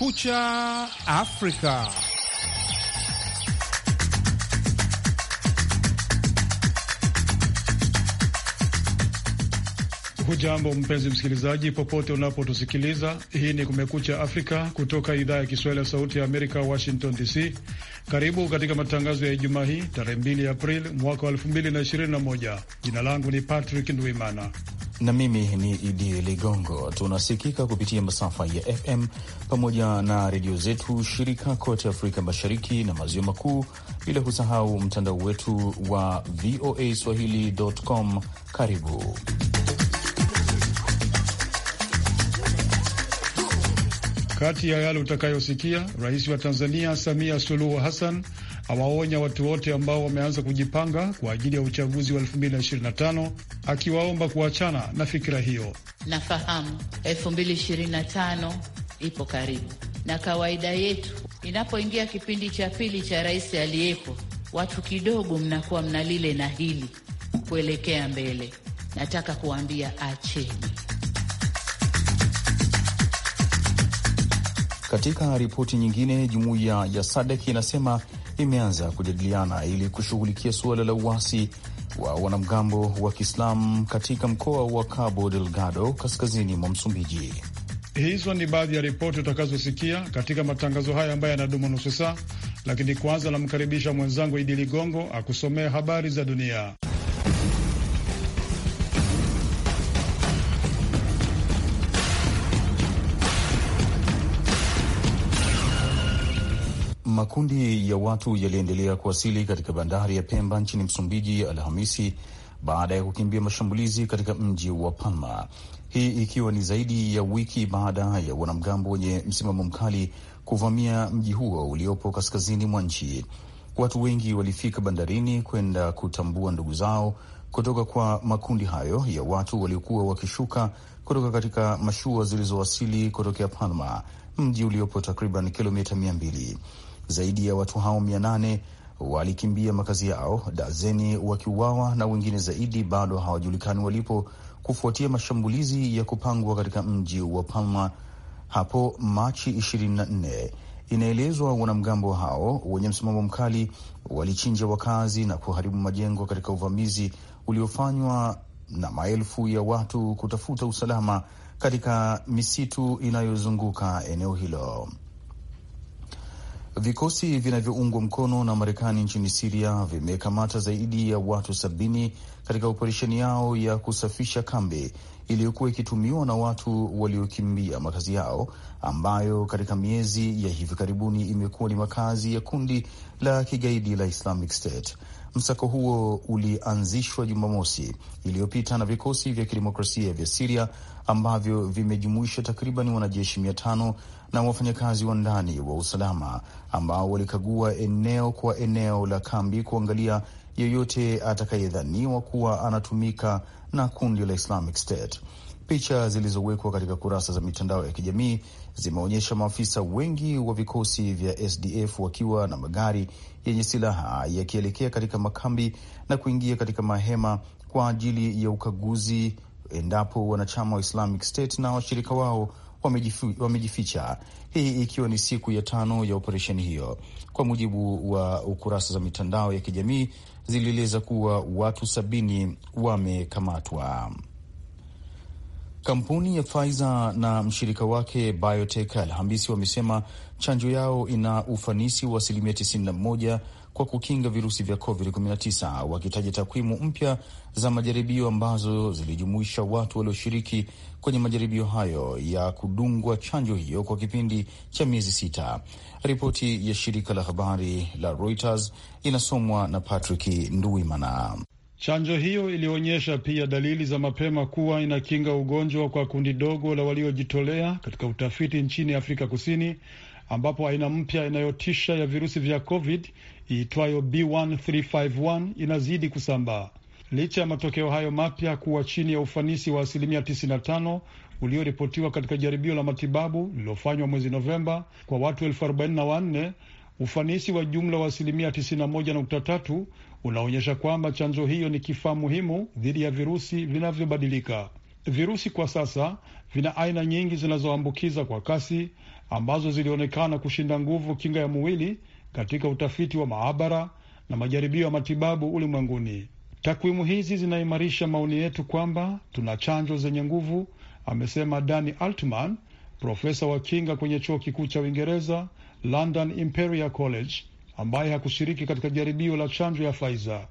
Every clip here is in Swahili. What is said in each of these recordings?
Kumekucha Afrika. Hujambo mpenzi msikilizaji, popote unapotusikiliza. Hii ni Kumekucha Afrika kutoka idhaa ya Kiswahili ya Sauti ya Amerika, Washington DC. Karibu katika matangazo ya Ijumaa hii tarehe 2 Aprili mwaka wa 2021. Jina langu ni Patrick Ndwimana na mimi ni Idi Ligongo. Tunasikika kupitia masafa ya FM pamoja na redio zetu shirika kote Afrika Mashariki na Maziwa Makuu, bila kusahau mtandao wetu wa VOA Swahili.com. Karibu. Kati ya yale utakayosikia, rais wa Tanzania Samia Suluhu Hassan awaonya watu wote ambao wameanza kujipanga kwa ajili ya uchaguzi wa 2025 akiwaomba kuachana na fikira hiyo. Nafahamu 2025 ipo karibu, na kawaida yetu inapoingia kipindi cha pili cha rais aliyepo, watu kidogo mnakuwa mna lile na hili kuelekea mbele. Nataka kuambia acheni Katika ripoti nyingine, jumuiya ya sadek inasema imeanza kujadiliana ili kushughulikia suala la uasi wa wanamgambo wa Kiislamu katika mkoa wa Cabo Delgado kaskazini mwa Msumbiji. Hizo ni baadhi ya ripoti utakazosikia katika matangazo haya ambayo yanadumu nusu saa, lakini kwanza namkaribisha mwenzangu Idi Ligongo akusomea habari za dunia. Makundi ya watu yaliendelea kuwasili katika bandari ya Pemba nchini Msumbiji Alhamisi baada ya kukimbia mashambulizi katika mji wa Palma, hii ikiwa ni zaidi ya wiki baada ya wanamgambo wenye msimamo mkali kuvamia mji huo uliopo kaskazini mwa nchi. Watu wengi walifika bandarini kwenda kutambua ndugu zao kutoka kwa makundi hayo ya watu waliokuwa wakishuka kutoka katika mashua zilizowasili kutokea Palma, mji uliopo takriban kilomita mia mbili. Zaidi ya watu hao mia nane walikimbia makazi yao, dazeni wakiuawa na wengine zaidi bado hawajulikani walipo kufuatia mashambulizi ya kupangwa katika mji wa Palma hapo Machi 24. Inaelezwa wanamgambo hao wenye msimamo mkali walichinja wakazi na kuharibu majengo katika uvamizi uliofanywa na maelfu ya watu kutafuta usalama katika misitu inayozunguka eneo hilo. Vikosi vinavyoungwa mkono na Marekani nchini Siria vimekamata zaidi ya watu sabini katika operesheni yao ya kusafisha kambi iliyokuwa ikitumiwa na watu waliokimbia makazi yao, ambayo katika miezi ya hivi karibuni imekuwa ni makazi ya kundi la kigaidi la Islamic State. Msako huo ulianzishwa Jumamosi iliyopita na vikosi vya kidemokrasia vya Siria ambavyo vimejumuisha takriban wanajeshi mia tano na wafanyakazi wa ndani wa usalama ambao walikagua eneo kwa eneo la kambi kuangalia yeyote atakayedhaniwa kuwa anatumika na kundi la Islamic State. Picha zilizowekwa katika kurasa za mitandao ya kijamii zimeonyesha maafisa wengi wa vikosi vya SDF wakiwa na magari yenye silaha yakielekea katika makambi na kuingia katika mahema kwa ajili ya ukaguzi endapo wanachama wa Islamic State na washirika wao wamejificha, hii ikiwa ni siku ya tano ya operesheni hiyo. Kwa mujibu wa ukurasa za mitandao ya kijamii, zilieleza kuwa watu sabini wamekamatwa. Kampuni ya Pfizer na mshirika wake BioNTech Alhamisi wamesema chanjo yao ina ufanisi wa asilimia 91 kwa kukinga virusi vya COVID-19, wakitaja takwimu mpya za majaribio ambazo zilijumuisha watu walioshiriki kwenye majaribio hayo ya kudungwa chanjo hiyo kwa kipindi cha miezi sita. Ripoti ya shirika la habari la Reuters inasomwa na Patrick Nduimana. Chanjo hiyo ilionyesha pia dalili za mapema kuwa inakinga ugonjwa kwa kundi dogo la waliojitolea katika utafiti nchini Afrika Kusini ambapo aina mpya inayotisha ya virusi vya COVID iitwayo B1351 inazidi kusambaa. Licha ya matokeo hayo mapya kuwa chini ya ufanisi wa asilimia 95 ulioripotiwa katika jaribio la matibabu lililofanywa mwezi Novemba kwa watu 44, ufanisi wa jumla wa asilimia 91.3 unaonyesha kwamba chanjo hiyo ni kifaa muhimu dhidi ya virusi vinavyobadilika. Virusi kwa sasa vina aina nyingi zinazoambukiza kwa kasi ambazo zilionekana kushinda nguvu kinga ya mwili katika utafiti wa maabara na majaribio ya matibabu ulimwenguni. Takwimu hizi zinaimarisha maoni yetu kwamba tuna chanjo zenye nguvu, amesema Dani Altman, profesa wa kinga kwenye chuo kikuu cha Uingereza London Imperial College, ambaye hakushiriki katika jaribio la chanjo ya Pfizer.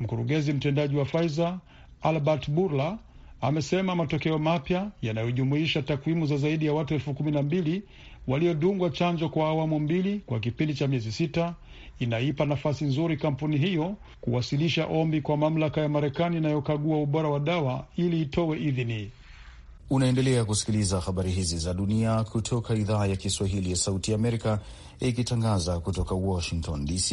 Mkurugenzi mtendaji wa Pfizer Albert Bourla amesema matokeo mapya yanayojumuisha takwimu za zaidi ya watu elfu kumi na mbili waliodungwa chanjo kwa awamu mbili kwa kipindi cha miezi sita inaipa nafasi nzuri kampuni hiyo kuwasilisha ombi kwa mamlaka ya Marekani inayokagua ubora wa dawa ili itowe idhini. Unaendelea kusikiliza habari hizi za dunia kutoka idhaa ya Kiswahili ya Sauti Amerika ikitangaza kutoka Washington DC.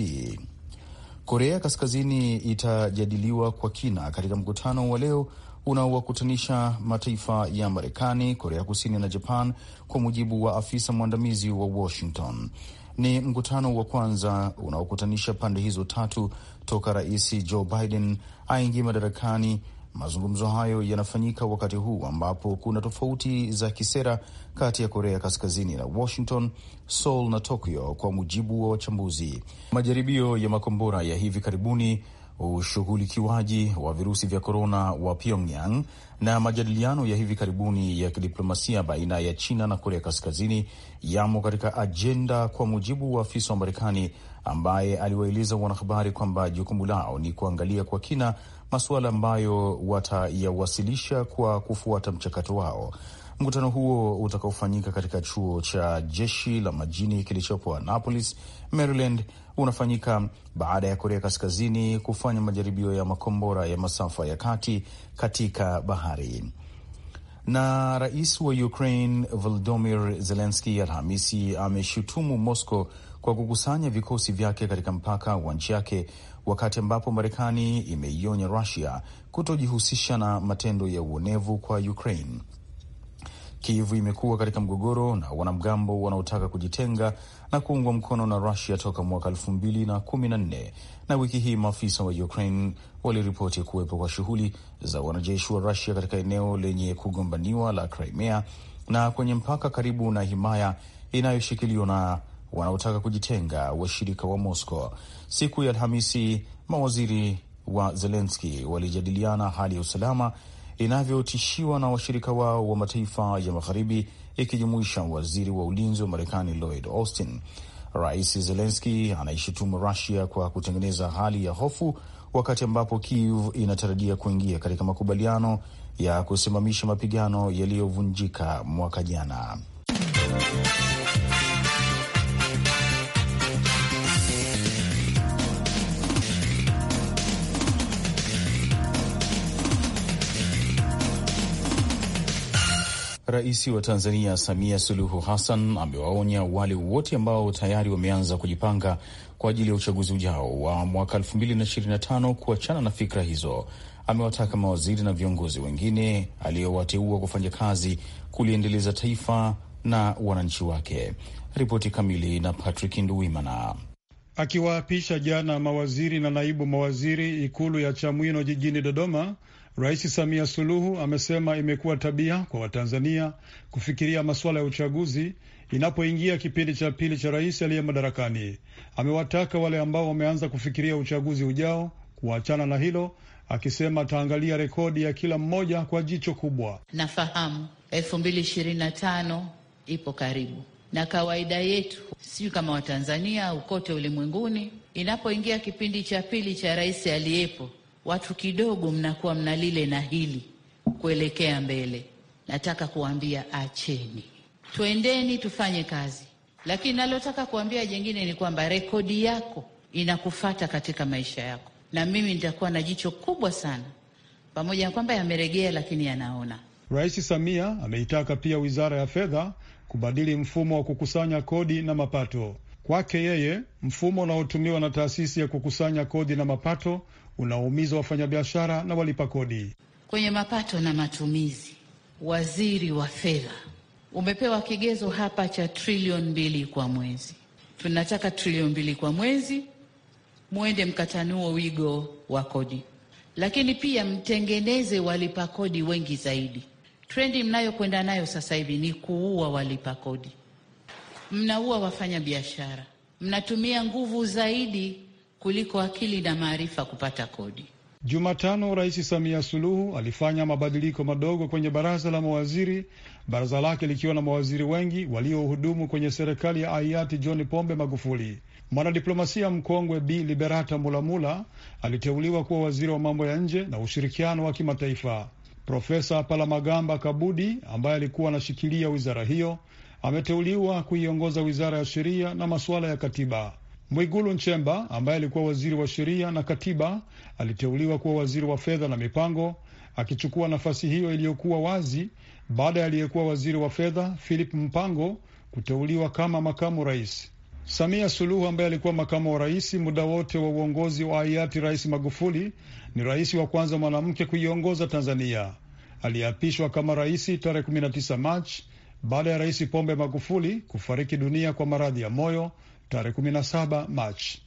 Korea Kaskazini itajadiliwa kwa kina katika mkutano wa leo unaowakutanisha mataifa ya Marekani, Korea Kusini na Japan, kwa mujibu wa afisa mwandamizi wa Washington. Ni mkutano wa kwanza unaokutanisha pande hizo tatu toka Rais Joe Biden aingie madarakani. Mazungumzo hayo yanafanyika wakati huu ambapo kuna tofauti za kisera kati ya Korea Kaskazini na Washington, Seoul na Tokyo, kwa mujibu wa wachambuzi. Majaribio ya makombora ya hivi karibuni ushughulikiwaji wa virusi vya korona wa Pyongyang na majadiliano ya hivi karibuni ya kidiplomasia baina ya China na Korea Kaskazini yamo katika ajenda, kwa mujibu wa afisa wa Marekani ambaye aliwaeleza wanahabari kwamba jukumu lao ni kuangalia kwa kina masuala ambayo watayawasilisha kwa kufuata mchakato wao. Mkutano huo utakaofanyika katika chuo cha jeshi la majini kilichopo Annapolis, Maryland unafanyika baada ya Korea Kaskazini kufanya majaribio ya makombora ya masafa ya kati katika bahari. Na rais wa Ukraine Volodymyr zelenski Alhamisi ameshutumu Moscow kwa kukusanya vikosi vyake katika mpaka wa nchi yake wakati ambapo Marekani imeionya Rusia kutojihusisha na matendo ya uonevu kwa Ukraine. Kievu imekuwa katika mgogoro na wanamgambo wanaotaka kujitenga na kuungwa mkono na Rusia toka mwaka elfu mbili na kumi na nne na wiki hii maafisa wa Ukraine waliripoti kuwepo kwa shughuli za wanajeshi wa Rusia katika eneo lenye kugombaniwa la Crimea na kwenye mpaka karibu na himaya inayoshikiliwa na wanaotaka kujitenga washirika wa, mosco Moscow. Siku ya Alhamisi mawaziri wa Zelenski walijadiliana hali ya usalama linavyotishiwa na washirika wao wa mataifa ya magharibi ikijumuisha waziri wa ulinzi wa Marekani Lloyd Austin. Rais Zelenski anaishutumu Rusia kwa kutengeneza hali ya hofu wakati ambapo Kiev inatarajia kuingia katika makubaliano ya kusimamisha mapigano yaliyovunjika mwaka jana. Rais wa Tanzania Samia Suluhu Hassan amewaonya wale wote ambao tayari wameanza kujipanga kwa ajili ya uchaguzi ujao wa mwaka 2025 kuachana na fikra hizo. Amewataka mawaziri na viongozi wengine aliyowateua kufanya kazi kuliendeleza taifa na wananchi wake. Ripoti kamili na Patrick Nduwimana. Akiwaapisha jana mawaziri na naibu mawaziri Ikulu ya Chamwino jijini Dodoma, Rais Samia Suluhu amesema imekuwa tabia kwa Watanzania kufikiria masuala ya uchaguzi inapoingia kipindi cha pili cha rais aliye madarakani. Amewataka wale ambao wameanza kufikiria uchaguzi ujao kuachana na hilo, akisema ataangalia rekodi ya kila mmoja kwa jicho kubwa. Nafahamu elfu mbili ishirini na tano ipo karibu, na kawaida yetu, sijui kama Watanzania au kote ulimwenguni, inapoingia kipindi cha pili cha rais aliyepo watu kidogo mnakuwa mna lile na hili kuelekea mbele. Nataka kuambia acheni, twendeni tufanye kazi, lakini nalotaka kuambia jengine ni kwamba rekodi yako inakufata katika maisha yako, na mimi nitakuwa na jicho kubwa sana, pamoja na kwamba yameregea, lakini yanaona. Rais Samia ameitaka pia wizara ya fedha kubadili mfumo wa kukusanya kodi na mapato. Kwake yeye, mfumo unaotumiwa na taasisi ya kukusanya kodi na mapato unaoumiza wafanyabiashara na walipa kodi. Kwenye mapato na matumizi, waziri wa fedha umepewa kigezo hapa cha trilioni mbili kwa mwezi. Tunataka trilioni mbili kwa mwezi, mwende mkatanuo wigo wa kodi, lakini pia mtengeneze walipa kodi wengi zaidi. Trendi mnayokwenda nayo sasa hivi ni kuua walipa kodi, mnaua wafanya biashara, mnatumia nguvu zaidi kuliko akili na maarifa kupata kodi. Jumatano, Rais Samia Suluhu alifanya mabadiliko madogo kwenye baraza la mawaziri, baraza lake likiwa na mawaziri wengi waliohudumu kwenye serikali ya hayati John Pombe Magufuli. Mwanadiplomasia mkongwe Bi Liberata Mulamula aliteuliwa kuwa waziri wa mambo ya nje na ushirikiano wa kimataifa. Profesa Palamagamba Kabudi ambaye alikuwa anashikilia wizara hiyo ameteuliwa kuiongoza wizara ya sheria na masuala ya katiba. Mwigulu Nchemba ambaye alikuwa waziri wa sheria na katiba aliteuliwa kuwa waziri wa fedha na mipango, akichukua nafasi hiyo iliyokuwa wazi baada ya aliyekuwa waziri wa fedha Philip Mpango kuteuliwa kama makamu rais. Samia Suluhu ambaye alikuwa makamu wa rais muda wote wa uongozi wa hayati Rais Magufuli ni rais wa kwanza mwanamke kuiongoza Tanzania. Aliyeapishwa kama rais tarehe 19 Machi baada ya Rais Pombe Magufuli kufariki dunia kwa maradhi ya moyo tarehe 17 Machi.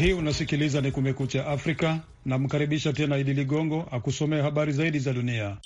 Hii unasikiliza ni Kumekucha Afrika. Namkaribisha tena Idi Ligongo akusomea habari zaidi za dunia.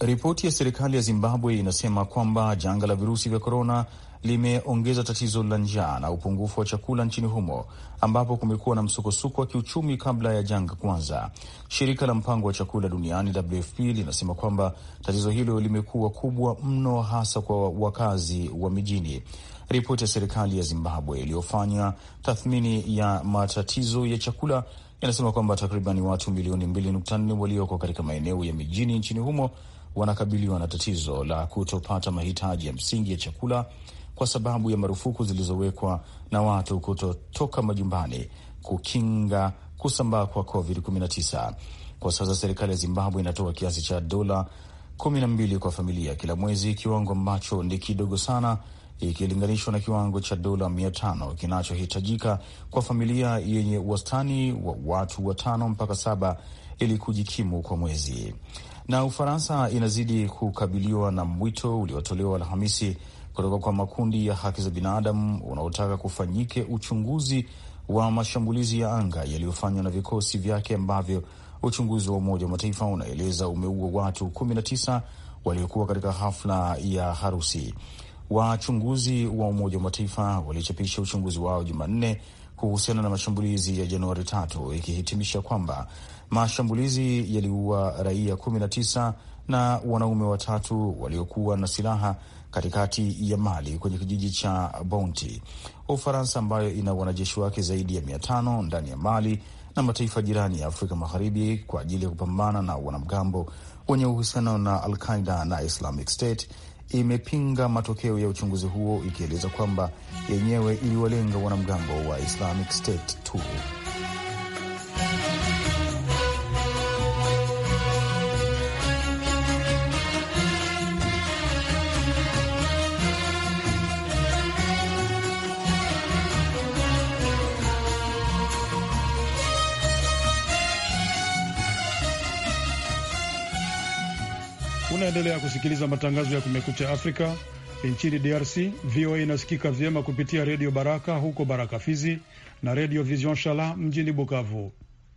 Ripoti ya serikali ya Zimbabwe inasema kwamba janga la virusi vya korona limeongeza tatizo la njaa na upungufu wa chakula nchini humo ambapo kumekuwa na msukosuko wa kiuchumi kabla ya janga kuanza. Shirika la mpango wa chakula duniani WFP linasema kwamba tatizo hilo limekuwa kubwa mno, hasa kwa wakazi wa mijini. Ripoti ya serikali ya Zimbabwe iliyofanya tathmini ya matatizo ya chakula inasema kwamba takriban watu milioni 2.4 walioko katika maeneo ya mijini nchini humo wanakabiliwa na tatizo la kutopata mahitaji ya msingi ya chakula kwa sababu ya marufuku zilizowekwa na watu kutotoka majumbani kukinga kusambaa kwa COVID-19. Kwa sasa serikali ya Zimbabwe inatoa kiasi cha dola 12 kwa familia kila mwezi, kiwango ambacho ni kidogo sana ikilinganishwa na kiwango cha dola 5 kinachohitajika kwa familia yenye wastani wa watu watano mpaka saba ili kujikimu kwa mwezi. Na Ufaransa inazidi kukabiliwa na mwito uliotolewa Alhamisi kutoka kwa makundi ya haki za binadamu unaotaka kufanyike uchunguzi wa mashambulizi ya anga yaliyofanywa na vikosi vyake ambavyo uchunguzi wa Umoja wa Mataifa unaeleza umeua watu 19 waliokuwa katika hafla ya harusi. Wachunguzi wa Umoja wa Mataifa walichapisha uchunguzi wao Jumanne kuhusiana na mashambulizi ya Januari tatu, ikihitimisha kwamba mashambulizi yaliua raia 19 na wanaume watatu waliokuwa na silaha katikati ya Mali kwenye kijiji cha Bounty. Ufaransa ambayo ina wanajeshi wake zaidi ya mia tano ndani ya Mali na mataifa jirani ya Afrika Magharibi kwa ajili ya kupambana na wanamgambo wenye uhusiano na Al Qaida na Islamic State imepinga matokeo ya uchunguzi huo ikieleza kwamba yenyewe iliwalenga wanamgambo wa Islamic State tu. Unaendelea kusikiliza matangazo ya Kumekucha Afrika. Nchini DRC, VOA inasikika vyema kupitia Redio Baraka huko Baraka Fizi na Redio Vision Shala mjini Bukavu.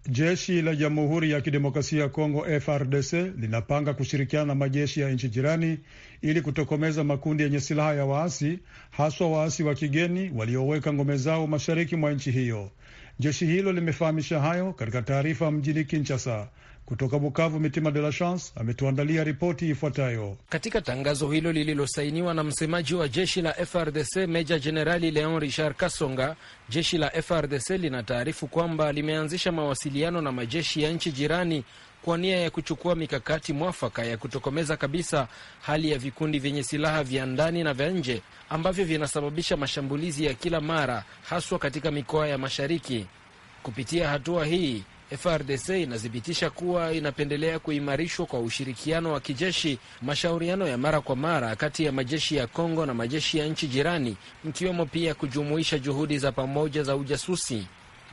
Jeshi la Jamhuri ya Kidemokrasia ya Kongo FRDC linapanga kushirikiana na majeshi ya nchi jirani ili kutokomeza makundi yenye silaha ya waasi, haswa waasi wa kigeni walioweka ngome zao mashariki mwa nchi hiyo. Jeshi hilo limefahamisha hayo katika taarifa mjini Kinshasa. Kutoka Bukavu, Mitima de la Chance ametuandalia ripoti ifuatayo. Katika tangazo hilo lililosainiwa na msemaji wa jeshi la FRDC meja jenerali Leon Richard Kasonga, jeshi la FRDC linataarifu kwamba limeanzisha mawasiliano na majeshi ya nchi jirani kwa nia ya kuchukua mikakati mwafaka ya kutokomeza kabisa hali ya vikundi vyenye silaha vya ndani na vya nje ambavyo vinasababisha mashambulizi ya kila mara haswa katika mikoa ya mashariki. Kupitia hatua hii FRDC inathibitisha kuwa inapendelea kuimarishwa kwa ushirikiano wa kijeshi, mashauriano ya mara kwa mara kati ya majeshi ya Kongo na majeshi ya nchi jirani, mkiwemo pia kujumuisha juhudi za pamoja za ujasusi.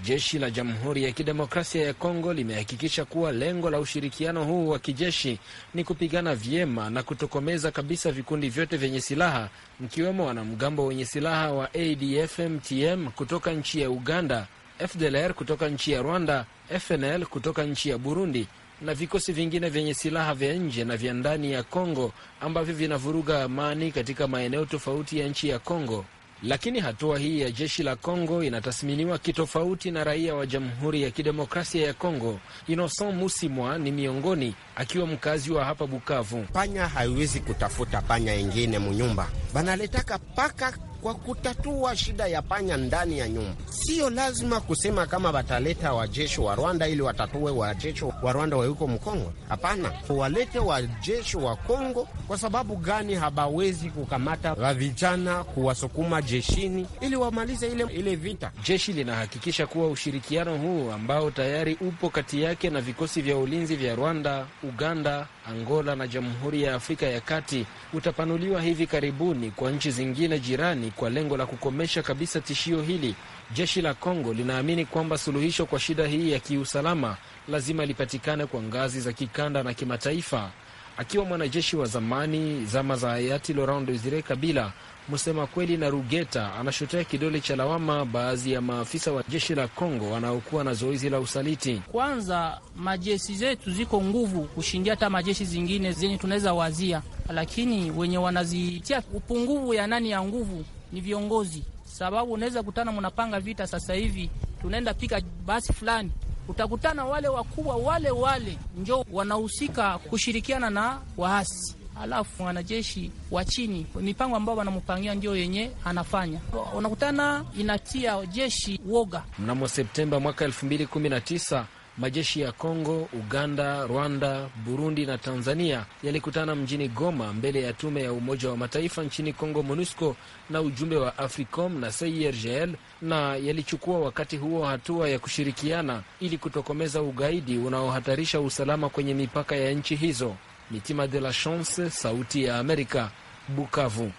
Jeshi la Jamhuri ya Kidemokrasia ya Kongo limehakikisha kuwa lengo la ushirikiano huu wa kijeshi ni kupigana vyema na kutokomeza kabisa vikundi vyote vyenye silaha, mkiwemo wanamgambo wenye silaha wa ADF-MTM kutoka nchi ya Uganda FDLR kutoka nchi ya Rwanda, FNL kutoka nchi ya Burundi na vikosi vingine vyenye silaha vya nje na vya ndani ya Kongo ambavyo vinavuruga amani katika maeneo tofauti ya nchi ya Kongo. Lakini hatua hii ya jeshi la Kongo inatathminiwa kitofauti na raia wa Jamhuri ya Kidemokrasia ya Kongo. Innocent Musimwa ni miongoni, akiwa mkazi wa hapa Bukavu. Panya haiwezi kutafuta panya ingine munyumba, banaletaka paka kwa kutatua shida ya panya ndani ya nyumba. Sio lazima kusema kama wataleta wajeshi wa Rwanda ili watatue wajeshi wa Rwanda wauko Mkongo. Hapana, walete wajeshi wa Kongo. Kwa sababu gani habawezi kukamata wavijana kuwasukuma jeshini ili wamalize ile, ile vita. Jeshi linahakikisha kuwa ushirikiano huu ambao tayari upo kati yake na vikosi vya ulinzi vya Rwanda, Uganda, Angola na Jamhuri ya Afrika ya Kati utapanuliwa hivi karibuni kwa nchi zingine jirani kwa lengo la kukomesha kabisa tishio hili. Jeshi la Kongo linaamini kwamba suluhisho kwa shida hii ya kiusalama lazima lipatikane kwa ngazi za kikanda na kimataifa. Akiwa mwanajeshi wa zamani zama za hayati Laurent Desire Kabila, msema kweli na Rugeta anashotea kidole cha lawama baadhi ya maafisa wa jeshi la Kongo wanaokuwa na zoezi la usaliti. Kwanza majeshi zetu ziko nguvu kushindia hata majeshi zingine zenye tunaweza wazia, lakini wenye wanazitia upungufu ya nani ya nguvu ni viongozi, sababu unaweza kutana mnapanga vita sasa hivi tunaenda pika basi fulani, utakutana wale wakubwa wale wale njo wanahusika kushirikiana na waasi alafu wanajeshi wa chini, mipango ambayo wanampangia ndio yenye anafanya, unakutana inatia jeshi woga. Mnamo Septemba mwaka 2019 majeshi ya Kongo, Uganda, Rwanda, Burundi na Tanzania yalikutana mjini Goma mbele ya tume ya Umoja wa Mataifa nchini Kongo, MONUSCO, na ujumbe wa AFRICOM na CIRGL, na yalichukua wakati huo hatua ya kushirikiana ili kutokomeza ugaidi unaohatarisha usalama kwenye mipaka ya nchi hizo. Mitima de la Chance, Sauti ya Amerika, Bukavu.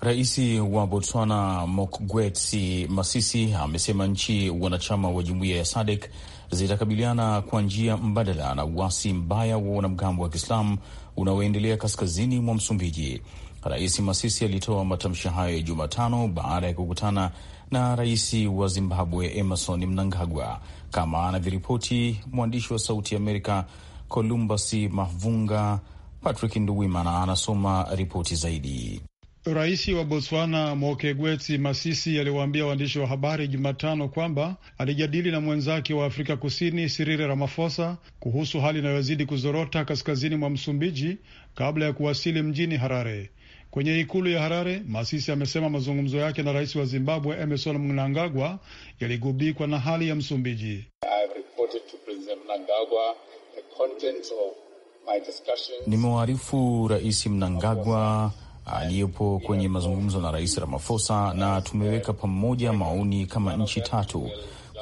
Rais wa Botswana Mokgweetsi Masisi amesema nchi wanachama wa jumuiya ya SADC zitakabiliana kwa njia mbadala na uasi mbaya wa wanamgambo wa Kiislamu unaoendelea kaskazini mwa Msumbiji. Rais Masisi alitoa matamshi hayo Jumatano baada ya kukutana na rais wa Zimbabwe Emerson Mnangagwa, kama anavyoripoti mwandishi wa Sauti ya Amerika Columbus Mavunga. Patrick Nduwimana anasoma ripoti zaidi. Rais wa Botswana Mokgweetsi Masisi aliwaambia waandishi wa habari Jumatano kwamba alijadili na mwenzake wa Afrika Kusini Cyril Ramaphosa kuhusu hali inayozidi kuzorota kaskazini mwa Msumbiji kabla ya kuwasili mjini Harare. Kwenye ikulu ya Harare, Masisi amesema mazungumzo yake na rais wa Zimbabwe Emmerson Mnangagwa yaligubikwa na hali ya Msumbiji. Nimewaarifu Rais Mnangagwa aliyepo kwenye mazungumzo na Rais Ramaphosa na tumeweka pamoja maoni kama nchi tatu.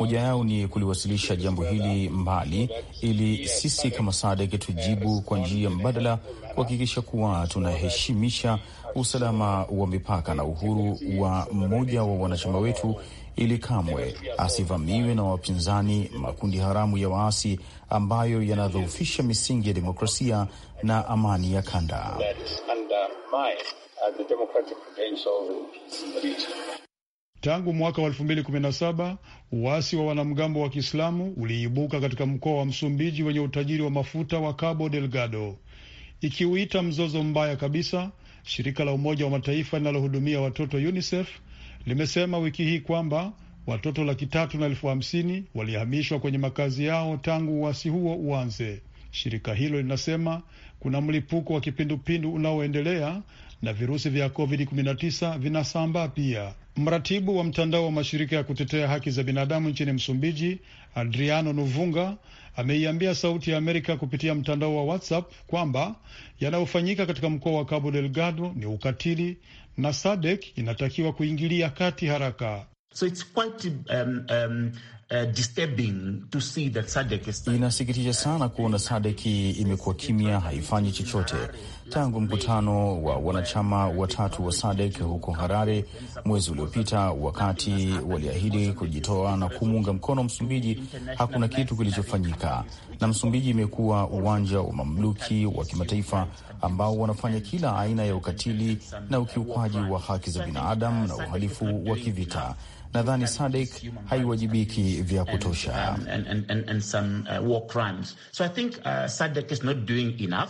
Moja yao ni kuliwasilisha jambo hili mbali, ili sisi kama SADC tujibu kwa njia mbadala, kuhakikisha kuwa tunaheshimisha usalama wa mipaka na uhuru wa mmoja wa wanachama wetu ili kamwe asivamiwe na wapinzani, makundi haramu ya waasi ambayo yanadhoofisha misingi ya demokrasia na amani ya kanda. Tangu mwaka wa 2017 uasi wa wanamgambo wa Kiislamu uliibuka katika mkoa wa Msumbiji wenye utajiri wa mafuta wa Cabo Delgado, ikiuita mzozo mbaya kabisa. Shirika la Umoja wa Mataifa linalohudumia watoto UNICEF limesema wiki hii kwamba watoto laki tatu na elfu hamsini walihamishwa kwenye makazi yao tangu uasi huo uanze. Shirika hilo linasema kuna mlipuko wa kipindupindu unaoendelea na virusi vya COVID-19 vinasambaa pia. Mratibu wa mtandao wa mashirika ya kutetea haki za binadamu nchini Msumbiji, Adriano Nuvunga, ameiambia Sauti ya Amerika kupitia mtandao wa WhatsApp kwamba yanayofanyika katika mkoa wa Cabo Delgado ni ukatili na SADC inatakiwa kuingilia kati haraka. So it's quite, um, um, Uh, inasikitisha sana kuona Sadeki imekuwa kimya, haifanyi chochote tangu mkutano wa wanachama watatu wa Sadek huko Harare mwezi uliopita, wakati waliahidi kujitoa na kumuunga mkono Msumbiji. Hakuna kitu kilichofanyika, na Msumbiji imekuwa uwanja wa mamluki wa kimataifa ambao wanafanya kila aina ya ukatili na ukiukwaji wa haki za binadamu na uhalifu wa kivita nadhani Sadik haiwajibiki vya kutosha. Um, uh, uh,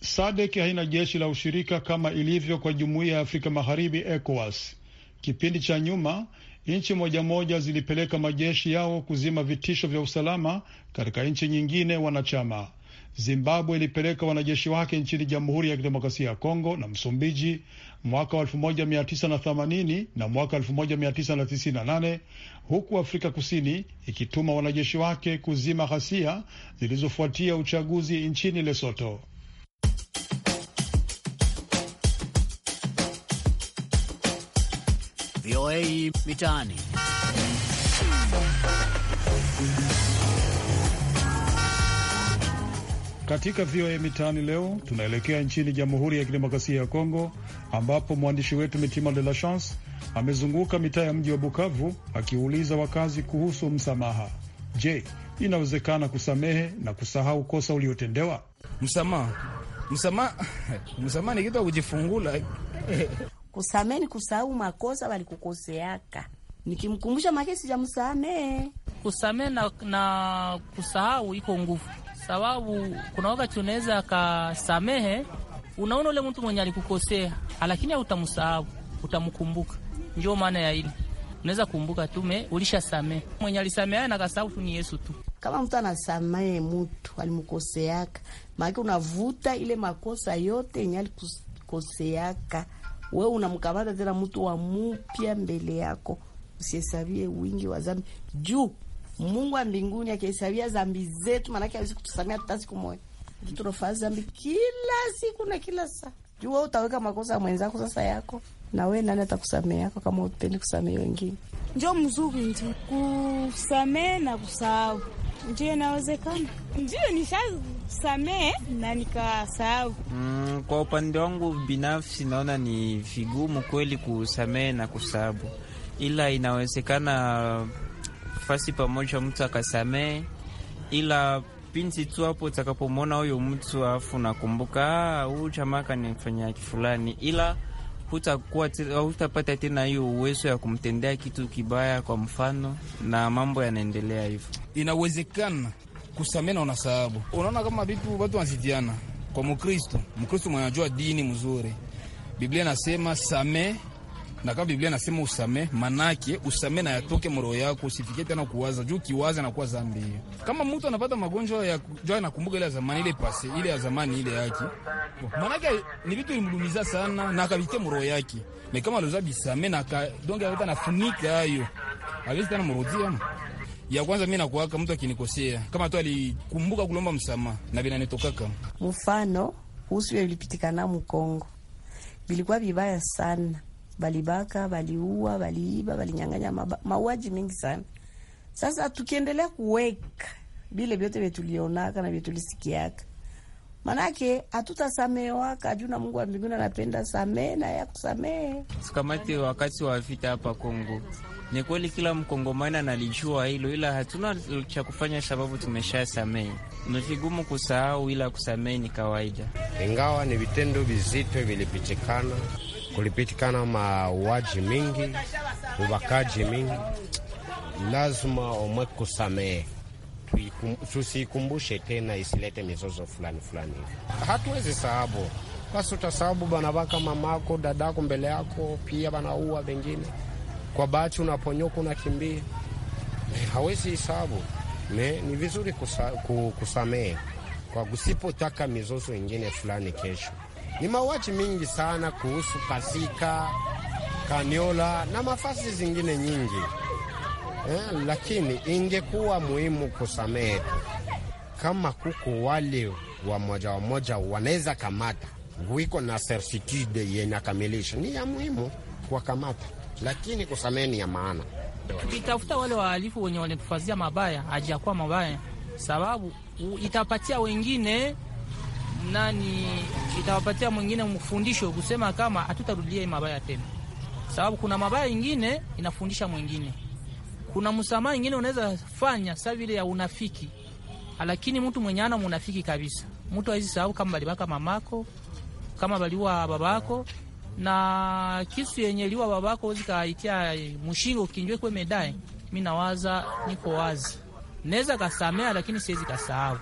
Sadek haina jeshi la ushirika kama ilivyo kwa jumuiya ya Afrika Magharibi, ECOWAS. Kipindi cha nyuma nchi moja moja zilipeleka majeshi yao kuzima vitisho vya usalama katika nchi nyingine wanachama. Zimbabwe ilipeleka wanajeshi wake nchini Jamhuri ya Kidemokrasia ya Kongo na Msumbiji mwaka wa 1980 na mwaka 1998, huku Afrika Kusini ikituma wanajeshi wake kuzima ghasia zilizofuatia uchaguzi nchini lesoto VOA Mitaani. Katika VOA Mitaani leo tunaelekea nchini Jamhuri ya Kidemokrasia ya Kongo, ambapo mwandishi wetu Mitima De La Chance amezunguka mitaa ya mji wa Bukavu akiuliza wakazi kuhusu msamaha. Je, inawezekana kusamehe na kusahau kosa uliotendewa? Msamaha, msamaha, msamaha ni kitu ya kujifungula. Kusamehe ni kusahau makosa walikukoseaka. Nikimkumbusha makesi ja msamehe, kusamehe na, na kusahau iko nguvu sababu kuna wakati unaweza akasamehe, unaona ule mtu mwenye alikukosea, lakini hautamsahau, utamkumbuka. Ndio maana ya hili unaweza kumbuka tume ulishasamehe mwenye alisamehana na kasahau tu ni Yesu tu. Kama mtu anasamehe mtu alimkoseaka, maana unavuta ile makosa yote yenye alikukoseaka wewe, unamkamata tena mtu wa mupya mbele yako. Usihesabie wingi wa zambi juu Mungu wa mbinguni akihesabia dhambi zetu, maanake hawezi kutusamia hata siku moja. Tunafanya dhambi kila siku na kila saa. Jua utaweka makosa mwenzako sasa yako na wewe, nani atakusamea yako kama upendi kusamea wengine? Njo mzuri ndio kusamee na kusahau, ndio inawezekana. Ndio nishasamee na nikasahau. Mm, kwa upande wangu binafsi naona ni vigumu kweli kusamee na kusahau, ila inawezekana fasi pamoja, mtu akasamee, ila pinzi tu hapo utakapomwona huyo mtu afu nakumbuka ah, huu jamaa kanifanya kifulani, ila hutakuwa hutapata tena hiyo uwezo ya kumtendea kitu kibaya, kwa mfano, na mambo yanaendelea hivyo. Inawezekana kusamehe na sababu, unaona kama vitu watu wanasitiana kwa Mkristo. Mkristo mwenye dini mzuri, Biblia nasema samee na kama Biblia nasema usame, manake usame na yatoke mroho yako, usifikie tena kuwaza juu, kiwaza na kuwa zambi. Kama mtu anapata magonjwa ya jua, nakumbuka ile ya zamani, ile pase ile ya zamani ile yake, manake ni vitu ilimlumiza sana na akavitia mroho yake, na kama alizoa bisame na donge yote anafunika hayo, hawezi tena mrudia. Ya kwanza mimi nakuaka mtu akinikosea kama tu alikumbuka kulomba msamaha na bila mfano usiwe ulipitikana mu Kongo bilikuwa vibaya sana balibaka, baliua, baliiba, balinyang'anya, oh. mauaji mingi sana. Sasa tukiendelea kuweka bile vyote vyetulionaka na vyetulisikiaka, manake hatutasamewaka juu na Mungu wa mbinguni anapenda samee na ya kusamehe. Sikamati wakati wa vita hapa Kongo, ni kweli kila mkongomani analijua hilo, ila hatuna cha kufanya sababu tumesha samehe. Ni vigumu kusahau, ila kusamehe ni kawaida, ingawa ni vitendo vizito vilipichikana kulipitikana mauaji mingi, ubakaji mingi. Lazima omwe kusamehe, tusikumbushe tena, isilete mizozo fulani fulani hivi. Hatuwezi sababu basi, utasababu banabaka mamako dadako mbele yako, pia banaua vengine kwa bahati, unaponyoka unakimbia, hawezi sababu. Ni vizuri kusa, kusamehe kwa kusipotaka mizozo ingine fulani kesho ni mauaji mingi sana kuhusu Pasika, Kaniola na mafasi zingine nyingi eh, lakini ingekuwa muhimu kusamehe kama kuko wale wa moja wa moja wanaweza kamata wiko na certitude yenakamilisha, ni ya muhimu kamata, lakini kusamehe ni ya maana. Tukitafuta wale wahalifu wenye wanatufazia mabaya ajiakuwa mabaya, sababu itapatia wengine nani itawapatia mwingine mfundisho kusema kama hatutarudia mabaya tena, sababu kuna mabaya ingine inafundisha mwingine, kuna msamaha ingine unaweza fanya saa vile ya unafiki, lakini mtu mwenye ana munafiki kabisa, mtu hawezi sababu kama baliwaka mamako kama baliwa babako na kisu yenye liwa babako uzikaitia mshingo kinjwe kwe medai. Mimi nawaza niko wazi, naweza kasamea, lakini siwezi kasahau.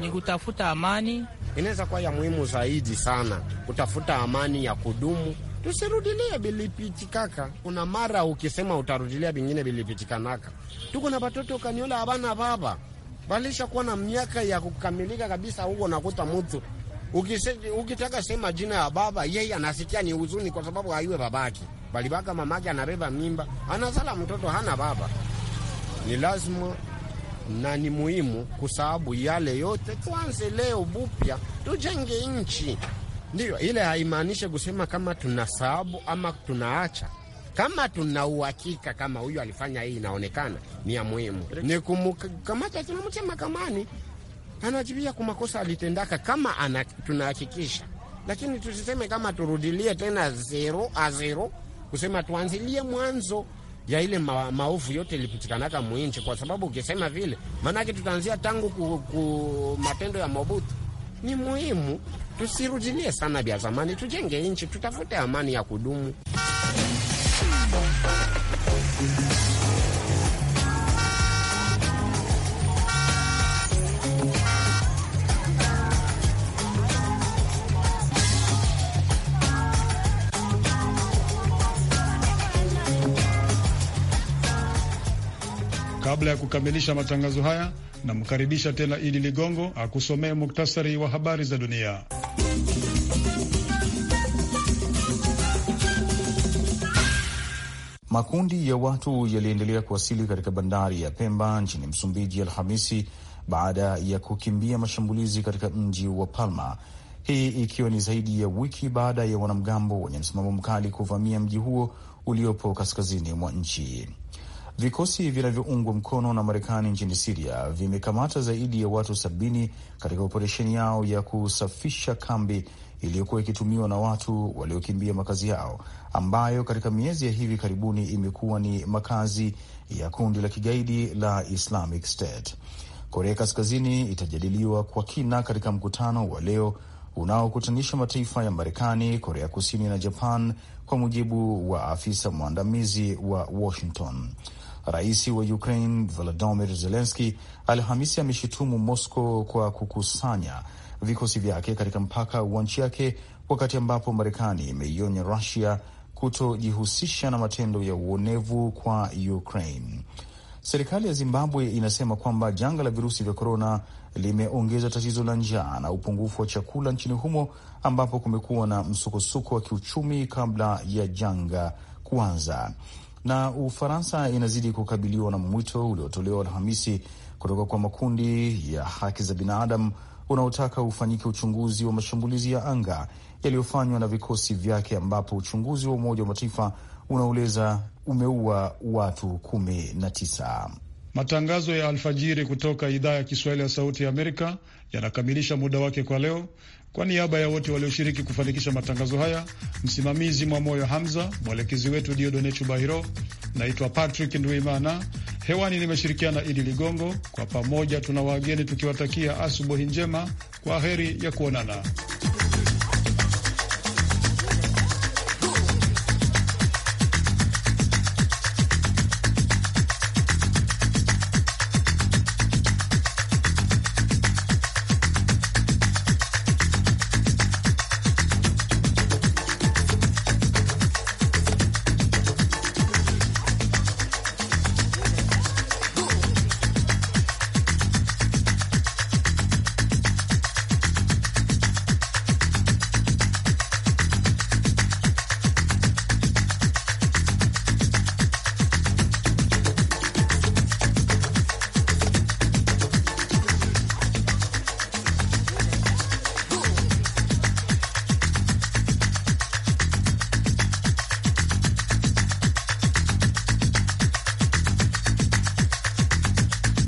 Nikutafuta amani inaweza kuwa ya muhimu zaidi sana kutafuta amani ya kudumu. Tusirudilie bilipitikaka. Kuna mara ukisema utarudilia vingine vilipitikanaka. Tuko na watoto kaniola habana baba balisha kuwa na miaka ya kukamilika kabisa, huko nakuta mtu ukitaka sema jina ya baba, yeye anasikia ni huzuni, kwa sababu haiwe babake balibaka mamake, anabeba mimba, anazala mtoto hana baba. Ni lazima na ni muhimu kwa sababu yale yote tuanze leo bupya, tujenge nchi. Ndiyo ile haimaanishi kusema kama tuna sababu ama tunaacha kama tuna uhakika kama huyu alifanya hii, inaonekana ni ya muhimu, ni kumkamata, tunamtia mahakamani, anajibia kwa makosa alitendaka, kama ana, tunahakikisha. Lakini tusiseme kama turudilie tena zero a zero, kusema tuanzilie mwanzo ya ile ma, maovu yote ilipitikanaka mwinchi, kwa sababu ukisema vile, maanake tutaanzia tangu ku, ku matendo ya Mobutu. Ni muhimu tusirudilie sana vya zamani, tujenge nchi, tutafute amani ya kudumu. Kabla ya kukamilisha matangazo haya, namkaribisha tena Idi Ligongo akusomee muktasari wa habari za dunia. Makundi ya watu yaliendelea kuwasili katika bandari ya Pemba nchini Msumbiji Alhamisi baada ya kukimbia mashambulizi katika mji wa Palma, hii ikiwa ni zaidi ya wiki baada ya wanamgambo wenye msimamo mkali kuvamia mji huo uliopo kaskazini mwa nchi. Vikosi vinavyoungwa mkono na Marekani nchini Siria vimekamata zaidi ya watu sabini katika operesheni yao ya kusafisha kambi iliyokuwa ikitumiwa na watu waliokimbia makazi yao, ambayo katika miezi ya hivi karibuni imekuwa ni makazi ya kundi la kigaidi la Islamic State. Korea Kaskazini itajadiliwa kwa kina katika mkutano wa leo unaokutanisha mataifa ya Marekani, Korea Kusini na Japan, kwa mujibu wa afisa mwandamizi wa Washington. Rais wa Ukraine Volodymyr Zelensky Alhamisi ameshutumu Moscow kwa kukusanya vikosi vyake katika mpaka wa nchi yake, wakati ambapo Marekani imeionya Rusia kutojihusisha na matendo ya uonevu kwa Ukraine. Serikali ya Zimbabwe inasema kwamba janga la virusi vya korona limeongeza tatizo la njaa na upungufu wa chakula nchini humo, ambapo kumekuwa na msukosuko wa kiuchumi kabla ya janga kuanza na Ufaransa inazidi kukabiliwa na mwito uliotolewa Alhamisi kutoka kwa makundi ya haki za binadamu unaotaka ufanyike uchunguzi wa mashambulizi ya anga yaliyofanywa na vikosi vyake, ambapo uchunguzi wa Umoja wa Mataifa unaoleza umeua watu kumi na tisa. Matangazo ya alfajiri kutoka idhaa ya Kiswahili ya Sauti ya Amerika yanakamilisha muda wake kwa leo. Kwa niaba ya wote walioshiriki kufanikisha matangazo haya, msimamizi mwa moyo Hamza, mwelekezi wetu Diodone Chubahiro, naitwa Patrick Ndwimana. Hewani nimeshirikiana Idi Ligongo. Kwa pamoja tuna wageni tukiwatakia asubuhi njema, kwa heri ya kuonana.